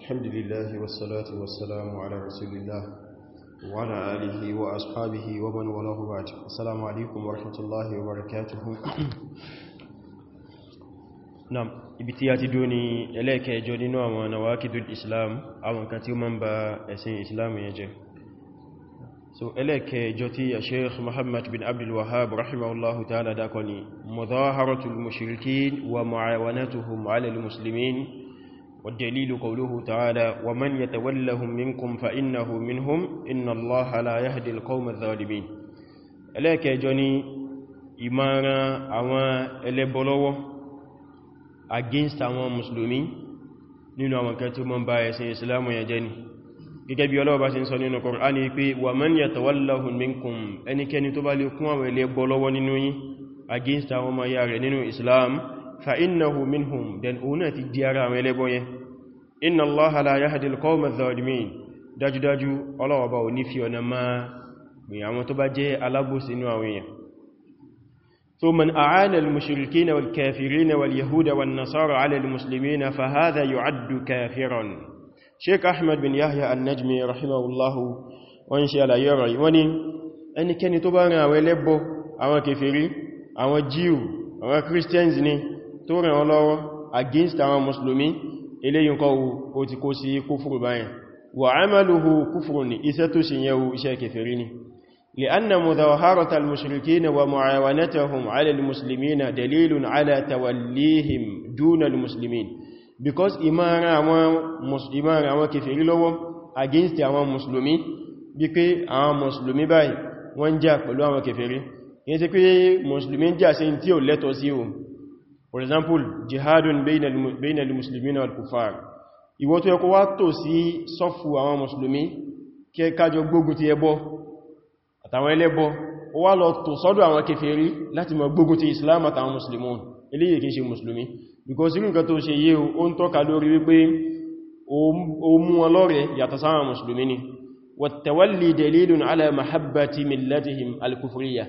الحمد لله والصلاة والسلام على رسول الله وعلى آله وأصحابه ومن وله بعد السلام عليكم ورحمة الله وبركاته نعم ibitiyati duni eleke ejo nínú àwọn nawakidul islam àwọn kan tí ó man ba ẹ̀sìn islam yẹn jẹ́ so eleke ejo tí sheikh muhammad bin abdul wahhab rahimahullahu ta'ala da koni mudaharatul mushrikin wa muawanatuhum ala al muslimin والدليل قوله تعالى ومن يتولهم منكم فإنه منهم إن الله لا يهدي القوم الظالمين إليك جوني إمارة أوان إليبولو against àwọn Mùsùlùmí nínú àwọn kan tí wọ́n bá ẹ̀sìn Ìsìlámù yẹn jẹ́ ni gẹ́gẹ́ bí Ọlọ́run bá ṣe ń sọ nínú Kùránì pé wa man yatawallahum minkum ẹnikẹ́ni tó bá lè kún àwọn ẹlẹ́bọ lọ́wọ́ nínú yín against àwọn ọmọ ya rẹ̀ nínú Ìsìlámù fa innahu minhum dan ona ti di ara àwọn ẹlẹ́bọ yẹn inna allaha la yahdi alqawma adh-dhalimin dájú dájú Ọlọ́run ba oni fi ọ̀nà ma bi àwọn tó bá jẹ́ alábòsí nínú àwọn so man a'ana al-mushrikin wal kafirin wal yahuda wan nasara 'ala al-muslimin fa hadha yu'addu kafiran sheikh ahmad bin yahya an rahimahullahu wọ́n ṣe àlàyé ọ̀rọ̀ yìí wọ́n ní ẹnikẹ́ni tó bá ran àwọn ẹlẹ́bọ àwọn kèfèrí àwọn christians ni tó rẹ̀ wọn lọ́wọ́ against àwọn musulmi eléyìn kọ́ o ti kó sí kúfùrù báyẹn wà amaluhu kúfùrù ní iṣẹ́ tó ṣe yẹ̀wò iṣẹ́ kèfèrí ni لأن مظاهرة المشركين ومعاونتهم على المسلمين دليل على توليهم دون because ìmára àwọn kèfèrí lọ́wọ́ against musulmi bí pé àwọn for example jihadun bayna al-muslimin wal-kuffar ìwọ tó yẹ kó wá tò sí sọ́fù àwọn musulmi kí kájọ gbógun ti ẹbọ àtàwọn ẹlẹ́bọ ó wá lọ tò sọ́dọ̀ àwọn kèfèrí láti mọ̀ gbógun ti islam àtàwọn musulmi eléyìí kìí ṣe musulmi because irú nǹkan tó ṣe yé o ń tọ́ka lórí wípé o mú wọn lọ́rẹ̀ yàtọ̀ sáwọn musulmi ni tawalli dalilun ala mahabbati millatihim al-kufriyah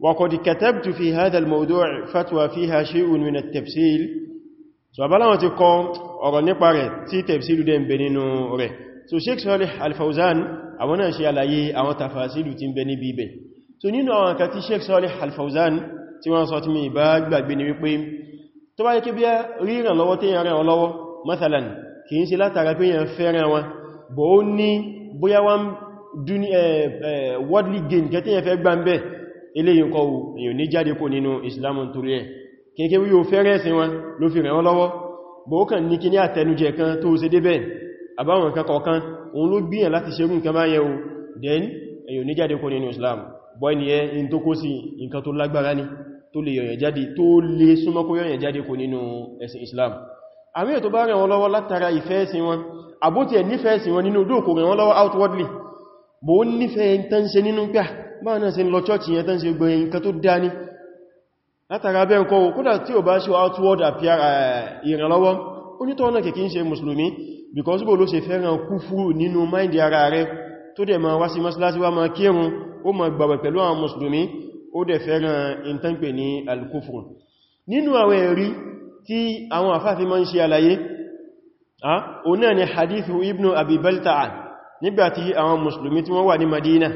وقد كتبت في هذا الموضوع فتوى فيها شيء من التفصيل سبحانه so, تكون أغني باري تي تفصيل دين بنينو ري so Sheikh Salih Al-Fawzan àwọn náà ṣe àlàyé àwọn tafasilu tí ń bẹ níbi ibẹ̀ so nínú àwọn nǹkan tí Sheikh Salih Al-Fawzan tí wọ́n sọ tí mi bá gbàgbé ni wípé tó bá yẹ kí bí i ríran lọ́wọ́ tí yẹn rẹ̀ wọn lọ́wọ́ mathalan kì í ṣe látara pé yẹn fẹ́ràn wọn bó ní bóyá wọn eh, eh, worldly gain kẹ́ tí yẹn fẹ́ gbá ń bẹ́ẹ̀ eléyìn kọ́ èyàn ní jáde kò nínú Islam torí ẹ̀ kéèké wí o fẹ́rẹ́ sí wọn ló fi rẹ̀ wọ́n lọ́wọ́ bó kàn ní kí ní àtẹnujẹ kan tó ṣe débẹ̀ àbáwọn kan kọ̀ọ̀kan òun ló gbìyàn láti ṣe nǹkan bá yẹ o èyàn ní jáde kò nínú Islam bọ́ ni ẹ in tó kó sí nǹkan tó lè yọ̀yàn jáde tó lè súnmọ́ kó yọ̀yàn jáde kò nínú ẹ̀sìn Islam àmì ètò bá rẹ̀ wọ́n lọ́wọ́ látara ìfẹ́ sí wọn àbótí ẹ̀ nífẹ́ sí wọn nínú dókò rẹ̀ wọ́n lọ́wọ́ outwardly bó nífẹ́ tán ṣe nínú pẹ́ báwọn náà ṣe ń lọ chọ́ọ̀chì yẹn tán ṣe gbé nǹkan tó dá ní látara bẹ́ ǹkọ́ kódà tí ò bá ṣe outward appear eh, ìrànlọ́wọ́ onítọ́ náà kìí ṣe mùsùlùmí because bó ló ṣe fẹ́ràn kúfúrù nínú máìndì ara rẹ̀ tó dẹ̀ ma wá sí mọ́sílásí wá ma kírun ó ma gbàwẹ̀ pẹ̀lú àwọn mùsùlùmí ó dẹ̀ fẹ́ràn ìntánpẹ̀ ní alkúfúrù nínú àwọn ẹ̀rí tí àwọn àfáàfí ma ń ṣe àlàyé òun náà ni abi balta'a nígbàtí àwọn mùsùlùmí tí wọ́n wà ní madina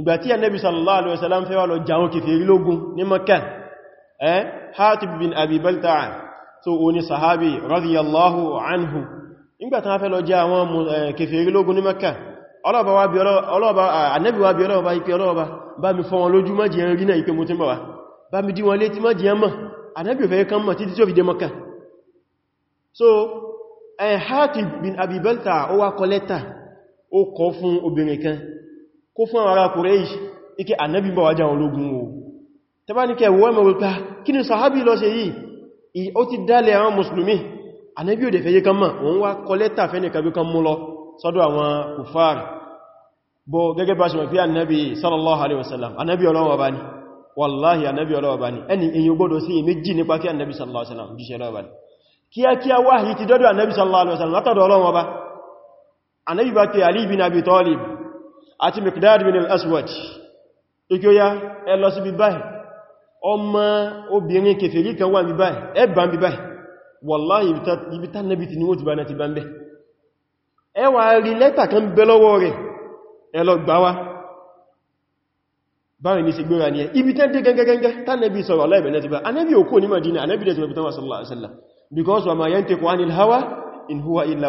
ìgbàtí annabi sallallahu alaihi wasallam fẹ́ wá lọ jàun kèfèrí lógún ní Makkah eh Hatib bin Abi Balta'a tó oní sahabi radiyallahu anhu ìgbàtí wọ́n fẹ́ lọ jà àwọn kèfèrí lógún ní Makkah ọlọ́ba wa bí ọlọ́ba annabi wa bí ọlọ́ba ipe ọlọ́ba bá mi fọ́ wọn lójú má jẹ́ rí náà ipe mo ti ń bà wá bá mi dí wọn létí má jẹ́ mọ̀ annabi ò fẹ́ kán mọ̀ títí tí ó fi kó fún ara Quraysh ike annabi bá wájá ológun o tẹbá ní kẹ wọ́n mẹ́wọ́ pé kí ni sahabi lọ ṣe yìí ó ti dálẹ̀ àwọn musulmi annabi ò dẹ̀ fẹ́ yé kan mọ̀ òun wá kọ lẹ́tà fẹ́ ní kàbí kan mú lọ sọ́dọ̀ àwọn kùfàr bọ́ gẹ́gẹ́ bá ṣe mọ̀ pé annabi sallallahu alaihi wasallam annabi ọlọ́wọ́ bá ní wallahi annabi ọlọ́wọ́ bá ní ẹni èyí gbọ́dọ̀ sí méjì nípa kí kíákíá wáhìí ti dọ́dọ̀ annabi sallallahu alaihi wasallam látọ̀dọ̀ ọlọ́wọ́ bá bá pe Ali bin àti Miqdad bin al-Aswad ikú ya ẹ lọ sí bíbáyì ọmọ obìnrin kèfèrí kan wà bíbáyì ẹbà bíbáyì wallahi ibi tán nẹ́bí ti ní wọ́n ti bá náà ti bá ń bẹ́ ẹ wà rí lẹ́tà kan bẹ lọ́wọ́ rẹ̀ ẹ lọ gbà wá báyìí ní sí gbéra ní ẹ ibi tán dé because wa ma yantiqu anil hawa in huwa illa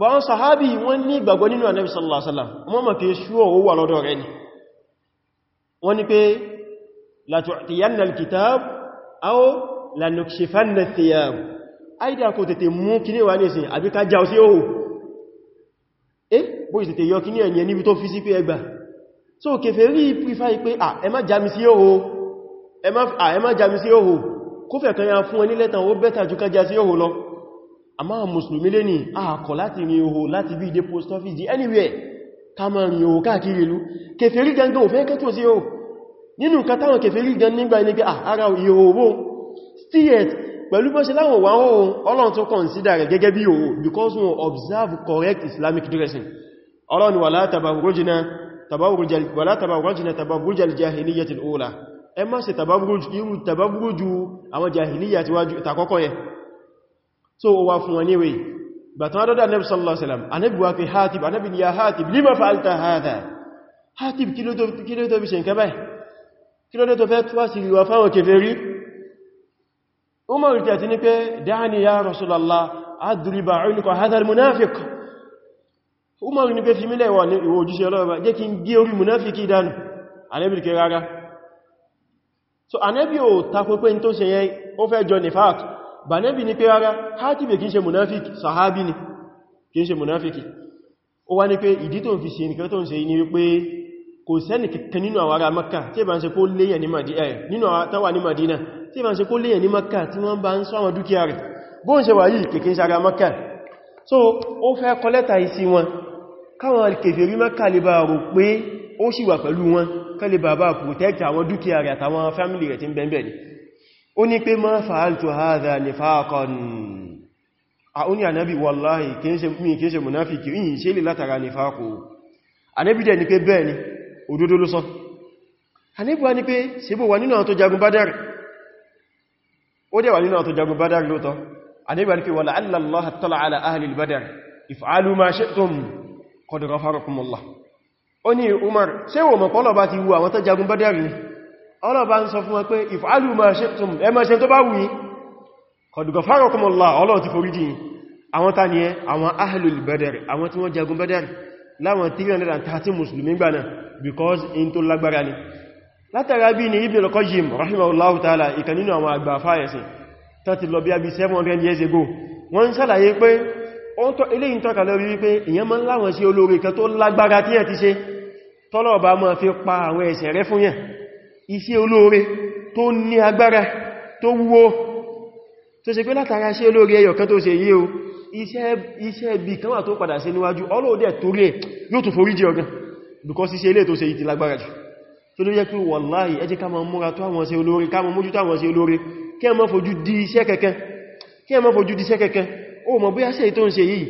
bọ́n sahabi wọ́n ní ìgbàgbọ́ nínú Ànábì sallallahu alaihi wasallam wọ́n mọ̀ pé ṣúọ̀ ó wà lọ́dọ̀ rẹ̀ ni wọ́n ní pé la tu'tiyanna al-kitab aw la nukshifanna ath-thiyab aida kò tètè mú kíní wà nísìn àbí ká já ọ sí òhù eh bó ìsètè yọ kíní ẹ̀yẹ níbi tó fi sí pé so kèfè rí pífà pé jami sí òhù ẹ jami sí òhù kó fẹ̀ kan ya fún ẹni lẹ́tàn ó bẹ́tà jù ká já sí òhù lọ àmá mùsùlùmí lé ní àkọ̀ láti rin oho láti bí ìdé post office di anywhere ká ma rin oho káàkiri ìlú kèfèrí gangan ò fẹ́ kẹ́tò sí oho nínú nǹkan táwọn kèfèrí gan nígbà ní pé ara ìhòòwò stiet pẹ̀lú bọ́ ṣe láwọn wà oòrùn consider rẹ̀ gẹ́gẹ́ because wọn observe correct islamic dressing ọlọ́run wà látàbàrújìnà tàbàrújì al-jahiliyyatil ula ẹ má ṣe tàbàrújù irú tàbàrújù àwọn jahiliyyà tí wájú ìtàkọ́kọ́ yẹn so wá fún wọn níwé bàtán adọ́dá anẹ́bì sallallahu alaihi wasallam anẹ́bì wá pé hatib anẹ́bì ni ya hatib lima fa'alta hadha hatib kí ló tó fi ṣe nkẹ́ báyìí kí ló tó fẹ́ tuwá sí ìwà fáwọn kèfèrí umar ti àti ní pé dáni ya rasulallah adriba unuka hadhal munafiq umar ni pé fi mílẹ̀ wà ní ìwò òjíṣẹ́ ọlọ́ọ̀bá jẹ́ kí n gé orí munafiki dánù anẹ́bì kẹ rárá so anẹ́bì ò takò pé n tó ṣe yẹn ó fẹ́ jọ nifaq bànẹ́bì ní pé rárá hátìbẹ̀ kìí ṣe munafiki sahabi ni kìí ṣe munafiki ó wá ní pé ìdí tó ń fi ṣe nìkan tó ń ṣe ní wípé kò sẹ́nì kankan nínú àwọn ará Makka tí bá ń ṣe kó léyàn ní Madina nínú àtàwà ní Madina tí bá ń ṣe kó léyàn ní Makka wọ́n bá ń sọ àwọn dúkìá rẹ̀ bó ń ṣe wà yìí kèkè ṣe ará Makka so ó fẹ́ kọlẹ́ta isi wọn káwọn kèfèrí Makka lè bá rò pé ó sì wà pẹ̀lú wọn kẹ́lẹ̀ bàbá protect àwọn dúkìá rẹ̀ àtàwọn family rẹ̀ tí ń bẹ̀m̀bẹ̀ ni ó ní pé ma fa'altu hadha nifaqan a ó ní ànábì wallahi mi kìí ṣe munafiki yìí ṣe lè látara nifaqo ànábì dẹ̀ ní pé bẹ́ẹ̀ ni òdodo ló sọ ànábì wá ní pé síbò wà nínú àwọn tó jagun Badr ó dẹ̀ wà nínú àwọn tó jagun Badr lóòtọ́ ànábì wá ní pé wa la'alla Allaha ittala ala ahli al-Badr if'alu ma shi'tum ọlọ́ba ń sọ fún wọn pé ìfàálù ma ṣe tún ẹmọ ṣe tó bá wù yín kọ̀dùgọ̀ fárọkùnmọ̀lá ọlọ́run ti forí jìn àwọn ta ẹ àwọn ahlul Badr àwọn tí wọ́n jagun Badr láwọn 330 musulmi gbà because in tó lágbára ni ni Ibn al-Qayyim ta'ala ìkan nínú àwọn àgbà fáyẹsì tó ti lọ bí abi years ago wọ́n ń sàlàyé pé eléyìn tọ́ka lórí wípé èyàn mọ́ láwọn sí olórí kan tó lágbára tí ẹ ti ṣe tọ́lọ̀ bá mọ́ fi pa àwọn ẹ̀ṣẹ̀ rẹ́ fún yẹn iṣẹ́ olóore tó ní agbára tó wúwo tó ṣe pé látara iṣẹ́ olóore ka kan tó ṣe yí o iṣẹ́ ibi kan wà tó padà ṣe níwájú ọlọ́ọ̀dẹ̀ torí ẹ̀ yóò tó forí jẹ ọ̀gán because iṣẹ́ ilé tó ṣe ìtì lágbára jù tó ló yẹ pé wàláhì ẹ jẹ́ ká máa múra tó àwọn ṣe olóore ká máa mójú tó olóore kí ẹ má fojú di iṣẹ́ keke. kí ẹ má fojú di iṣẹ́ kẹ̀kẹ́ ó mọ̀ bóyá ṣe tó ń ṣe yìí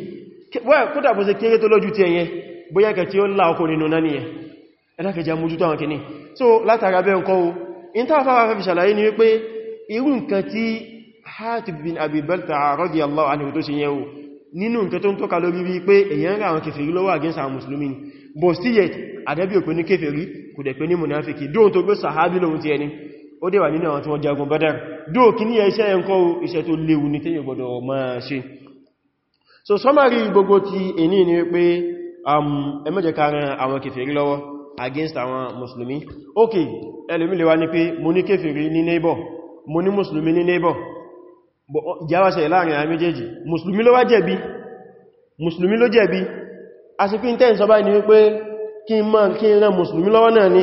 kódà bó ṣe kéré tó ti ẹ̀yẹn bóyá tí ó ọkùnrin nù náà ẹlákẹjá mójútó àwọn kìíní so látara bẹ́ ǹkan o in ta fara fẹ́ fi ṣàlàyé ni wípé irú nǹkan tí Hatib bin Abi Balta'a radiyallahu anhu tó ṣe yẹn o nínú nǹkan tó ń tọ́ka lórí wí pé èyàn ra àwọn kèfèrí lọ́wọ́ against àwọn musulmi ni but still yet àdẹ́bí ò pé ní kèfèrí kò dẹ̀ pé ní munafiki dóò tó gbé sahabi lóhun ti ẹni ó dẹ̀ wà nínú àwọn tí wọ́n jagun Badar dóò kí ní iṣẹ́ ẹnkọ́ iṣẹ́ tó léwu ní tẹ́yìn gbọdọ̀ máa ṣe so summary gbogbo ti èní ni wípé um, ẹmẹ́jẹ̀karin àwọn kèfèrí lọ́wọ́ against àwọn musulmi ok ẹlòmí lè wá ní pé mo ní kéfèrí ní neighbor mo ní musulmi ní neighbor ìjáwáṣẹ̀ láàrin àwọn méjèèjì musulmi ló wá jẹ̀bi musulmi ló jẹ̀bi a sì pín tẹ́yìn sọba ní wípé kí n máa kí n rán musulmi lọ́wọ́ náà ni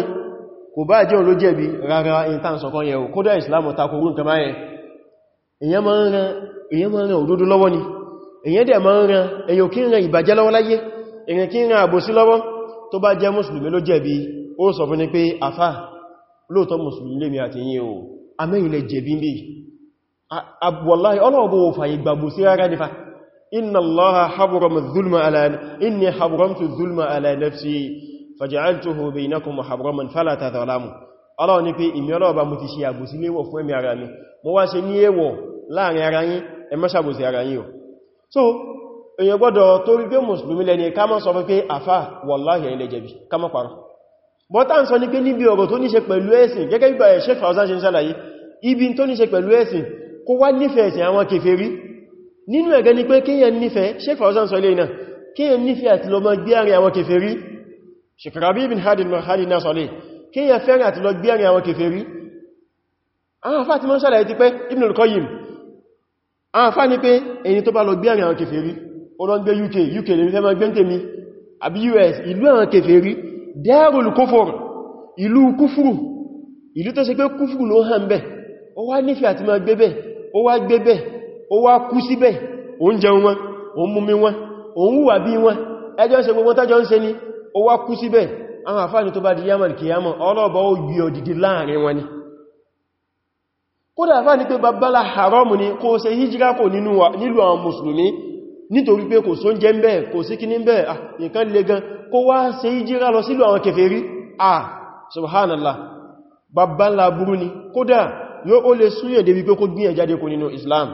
kò bá jẹ́ ló jẹ̀bi rárá intan sọ̀kan yẹ̀ ò kódà islam tako kí ń ran àbòsí lọ́wọ́ tó bá jẹ́ mùsùlùmí ló jẹ̀bi ó sọ fún ní pé àfá lóòtọ́ mùsùlùmí lèmi àti yín o amẹ́yìn lẹ jẹ̀bi bí wallahi ọlọ́ọ̀bọ̀ òfàyè gbàgbò sí rárá nífà inna allaha harrama zulma ala inni harramtu zulma ala nafsi faj'altuhu bainakum harraman fala tadhalamu ọlọ́ọ̀ ni pé ìmì ọlọ́ọ̀bá mo ti ṣe àgbòsí léwọ̀ fún ẹ̀mí ara so èyàn gbọ́dọ̀ tó rí pé mùsùlùmí lẹ́ni ká mọ́ sọ fún pé àfá wàláhì ẹ̀yìn lè jẹ̀bi ká mọ́ parọ́ bọ́ta ń sọ ní pé níbi ọ̀rọ̀ tó níṣe pẹ̀lú ẹ̀sìn gẹ́gẹ́ bí bàyẹ̀ eh, ọ̀sán ṣe ń sàlàyé ibi tó níṣe pẹ̀lú ẹ̀sìn ni pé kíyàn nífẹ̀ẹ́ sẹ́fà ọ̀sán sọ lẹ́yìn náà kíyàn nífẹ̀ẹ́ àti lọ mọ́ gbé àrin àwọn kèfèrí ṣìkìràbí ibn hadin mahadi náà sọlẹ̀ kíyàn fẹ́rẹ̀ àti lọ gbé àrin àwọn kèfèrí àwọn afá ti mọ́ sàlàyé ti olóngbé UK UK lè fẹ́ máa àbí US ìlú àwọn kèfèrí dẹ́rùn kófòrò ìlú kúfùrù ìlú tó ṣe pé kúfùrù ló hàn bẹ́ ó wá nífẹ́ àti máa gbébẹ̀ ó wá gbébẹ̀ ó wá kú síbẹ̀ ó ń jẹun wọn ó ń mumi wọn ó ni ó wá kú síbẹ̀ àwọn àfáàní tó bá di yamal kìyàmọ̀ ọlọ́ọ̀bọ̀ pé babbala haramu ni kó ṣe hijira kò nílùú àwọn mùsùlùmí nítorí pé kò só ń jẹ́ ń bẹ́ẹ̀ kò sí kí ní bẹ́ẹ̀ à nǹkan lè gan kó wá ṣe ìjírá lọ sílò àwọn kèfèrí à subhanallah babban laburu ni kódà yóò ó lè súyẹ̀ débi pé kó gbíyàn jáde kò nínú islam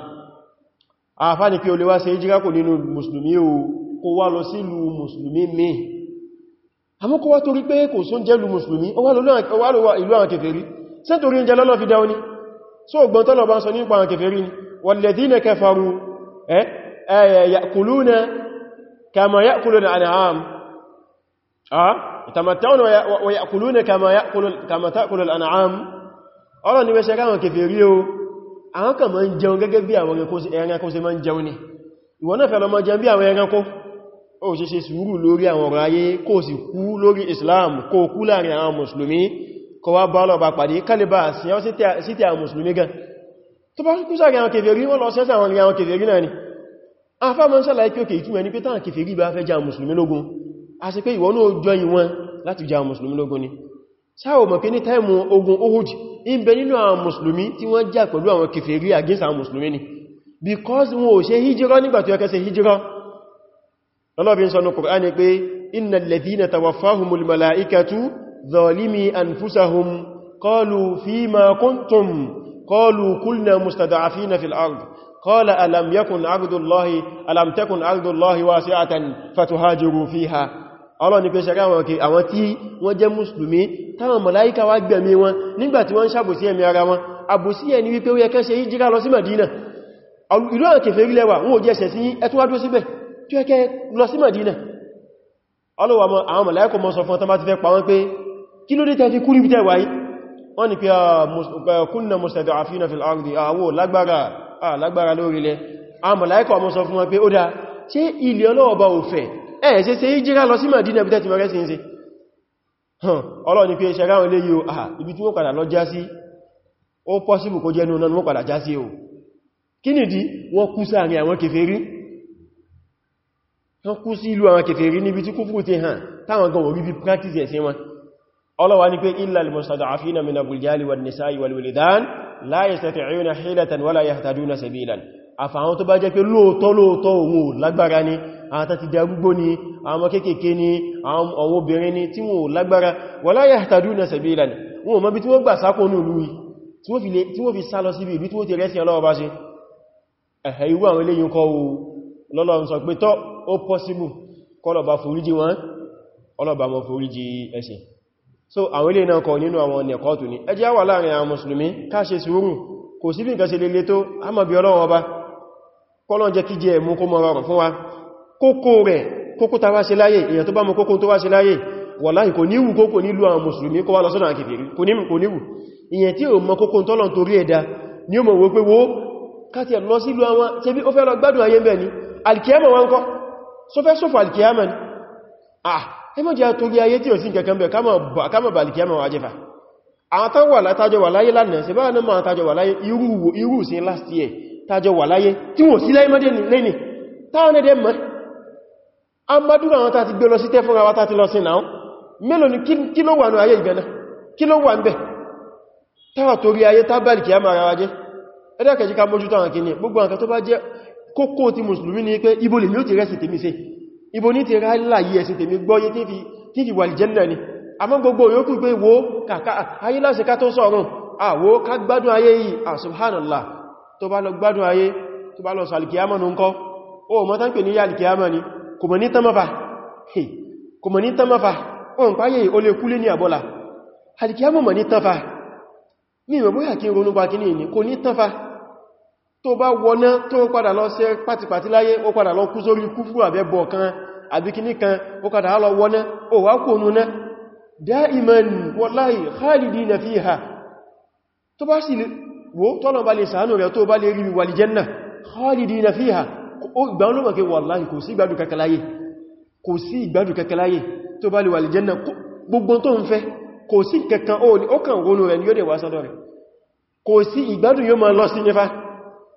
àfá ni pé o lè wá ṣe ìjírá kò nínú musulmi o kó wá lọ sílù musulmi mi àmọ́ kó wá torí pé kò só ń jẹ́ lu musulmi ó wá lọ ìlú àwọn kèfèrí sẹ́ntorí ń jẹ eh يأكلون كما يأكل الأنعام يتمتعون ويأكلون كما يأكل كما تأكل الأنعام ọ̀rọ̀ ni wẹ́ṣẹ́ káwọn kèfèrí o àwọn kan máa ń jẹun gẹ́gẹ́ bí àwọn ẹranko ṣe máa ń jẹun ní ìwọ náà fẹ́lọ máa jẹun bí àwọn ẹranko ó ṣe ṣe sùúrù lórí àwọn ọ̀rọ̀ ayé kó sì kú lórí Islam kó kú láàrin àwọn mùsùlùmí kó wá bá lọ bá pàdé kálíbà sí àwọn mùsùlùmí gan tó bá kú sáàrin àwọn kèfèrí wọ́n lọ sẹ́sà àwọn kèfèrí náà ni afá mọ́ sálà ikú òkè ìtumẹ̀ ní pé tán kèfèrí bá fẹ́ já mùsùlùmí lógún a sì pé ìwọ̀n náà jọ ìwọ̀n láti já mùsùlùmí lógún ni sáwọ̀ mọ̀ pé ní táìmù ogun Uhud in nínú àwọn mùsùlùmí tí wọ́n jà pẹ̀lú àwọn kèfèrí against àwọn mùsùlùmí ni because wọn ò ṣe hijira nígbà tó yẹ kẹ́ ṣe hijira lọ́lọ́bí sọ ní Kùránì pé innal ladhina tawaffahumul malaikatu zalimi anfusahum qalu fima kuntum قال ألم يكن عبد الله ألم تكن عبد الله واسعة فتهاجروا فيها ọlọ́ni pé ṣe ráwọn kí àwọn tí wọ́n jẹ́ mùsùlùmí táwọn màláíkà wá gbẹ̀mí wọn nígbàtí wọ́n ń ṣàbòsí ẹ̀mí ara wọn àbòsí ẹni wípé ó yẹ kẹ́ ṣe hìjírà lọ sí Madina ìlú àwọn kèfèrí lẹ́wà wọ́n ò jẹ́ ṣẹ̀ sí ẹtúwádó síbẹ̀ tí ó kẹ́ lọ sí Madina ọlọ́wà àwọn màláíkà lágbára lórílẹ̀ àwọn màláíkà ọmọ sọ fún wọn pé ó dá ṣe ilẹ̀ ọlọ́ọ̀bá òfẹ́ ẹ̀ ṣe ṣe ìjírá lọ sí Mẹdínà bí tẹ́tì mẹ́rẹ́ sí ń se Ọlọ́run ní pé ṣe ráwọn lọ sí ó pọ́síbù ní pé illal mustada'afina minal rijali wan nisa'i wal wildan la yastati'una hilatan wala yahtaduna sabilan àfàwọn tó bá jẹ́ pé lóòtọ́ lóòtọ́ òun lágbára ni àwọn tàti di agbúgbó ni àwọn kéèkéé ni àwọn obìnrin ni tí wọ́n lágbára wala yahtaduna sabilan wọn mọ́ bí tí wọ́n gbà sákónú lúwí tí wọ́n fi sá lọ síbi ìlú tí wọ́n ti rẹ́sìn ọlọ́wọ́ bá ṣe ẹ̀hẹ̀ so àwọn ilé náà kọ nínú àwọn nẹ̀kọ́tù ní ẹjẹ́ wà láàrin àwọn mùsùlùmí ká ṣe sùúrù kò sí bí nǹkan ṣe lélé tó a mọ̀ bí ọlọ́wọ́ ọba kọ́lọ́n jẹ́ kí jẹ ẹ̀mú kó mọ̀ fún wa kókó rẹ̀ kókó ta wá ṣe láyé èyàn tó bá mọ̀ kókó tó wá ṣe láyé wàláhì kò níwù kókó nílùú àwọn mùsùlùmí kó wá lọ sọ́nà àkìfèrí kò níwù èyàn tí ò mọ̀ kókó tọ́lọ̀ torí ẹ̀dá ni ó mọ̀ wó pé wó káti ah ẹmọ́ jẹ́ torí ayé tí ò sí kẹkẹ́ mẹ́ kámọ̀ bàlìkì ẹmọ̀ ajẹ́fà àwọn tán wà látájọ wà láyé lánàá sí báwọn náà tájọ wà láyé irú sí last year tájọ wà láyé tí wọ́n sí láyé mọ́dé lẹ́ni táwọn ẹdẹ mọ́ a má dúró àwọn tàti gbé lọ sí tẹ́ fúnra wa tàti lọ sí náà mélòó ni kí ló wà ní ayé ìgbẹ̀nà kí ló wà ń bẹ̀ táwà torí ayé ni pé ibo lèmi ó ti rẹ́sì tèmi sí ibo ní ti ráìlá yìí ẹ̀sìn tèmi gbọ́yé tí fi wà ìjẹ́nà ni a mọ́ gbogbo yóò pé wo kàkà ayé láti ká tó sọ̀rọ̀ àwọ ká gbádùn ayé yìí à subhanallah tó bá lọ gbádùn ayé tó bá lọ sàlìkìyàmọ̀ ní ǹkọ́ o mọ́ tán pè ní yàlìkìyàmọ̀ ni kò mọ̀ ní tánmọ́fà o ń páyé o lè kúlé ní àbọ́là àlìkìyàmọ̀ mọ̀ ní tánfà tó bá wọná tó ń padà lọ sí pàtìpàtì láyé ó padà lọ kú sórí kúfù àbẹ́bọ̀ kan àbíkíní kan ó padà lọ wọná ó wá kò núná dáìmọ̀n wọláì khalidi na fi ha tó bá sì wó tọ́nà bá lè sàánù rẹ̀ tó bá lè rí wàlìjẹ́nà khalidi na fi ha ó gbáwọn ló mọ̀kẹ́ wọláì kò sí ìgbádùn kẹkẹláyé kò sí ìgbádùn kẹkẹláyé tó bá lè wàlìjẹ́nà gbogbo tó ń fẹ́ kò sí kẹkàn ó kàn wọnú rẹ̀ ni yóò dẹ̀ wá sọ́dọ̀ rẹ̀ kò sí ìgbádùn yóò máa lọ sí nífà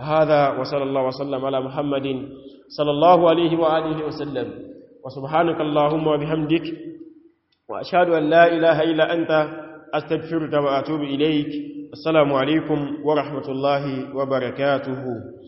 هذا وصلى الله وسلم على محمد صلى الله عليه وآله وسلم وسبحانك اللهم وبحمدك وأشهد أن لا إله إلا أنت أستغفرك وأتوب إليك السلام عليكم ورحمة الله وبركاته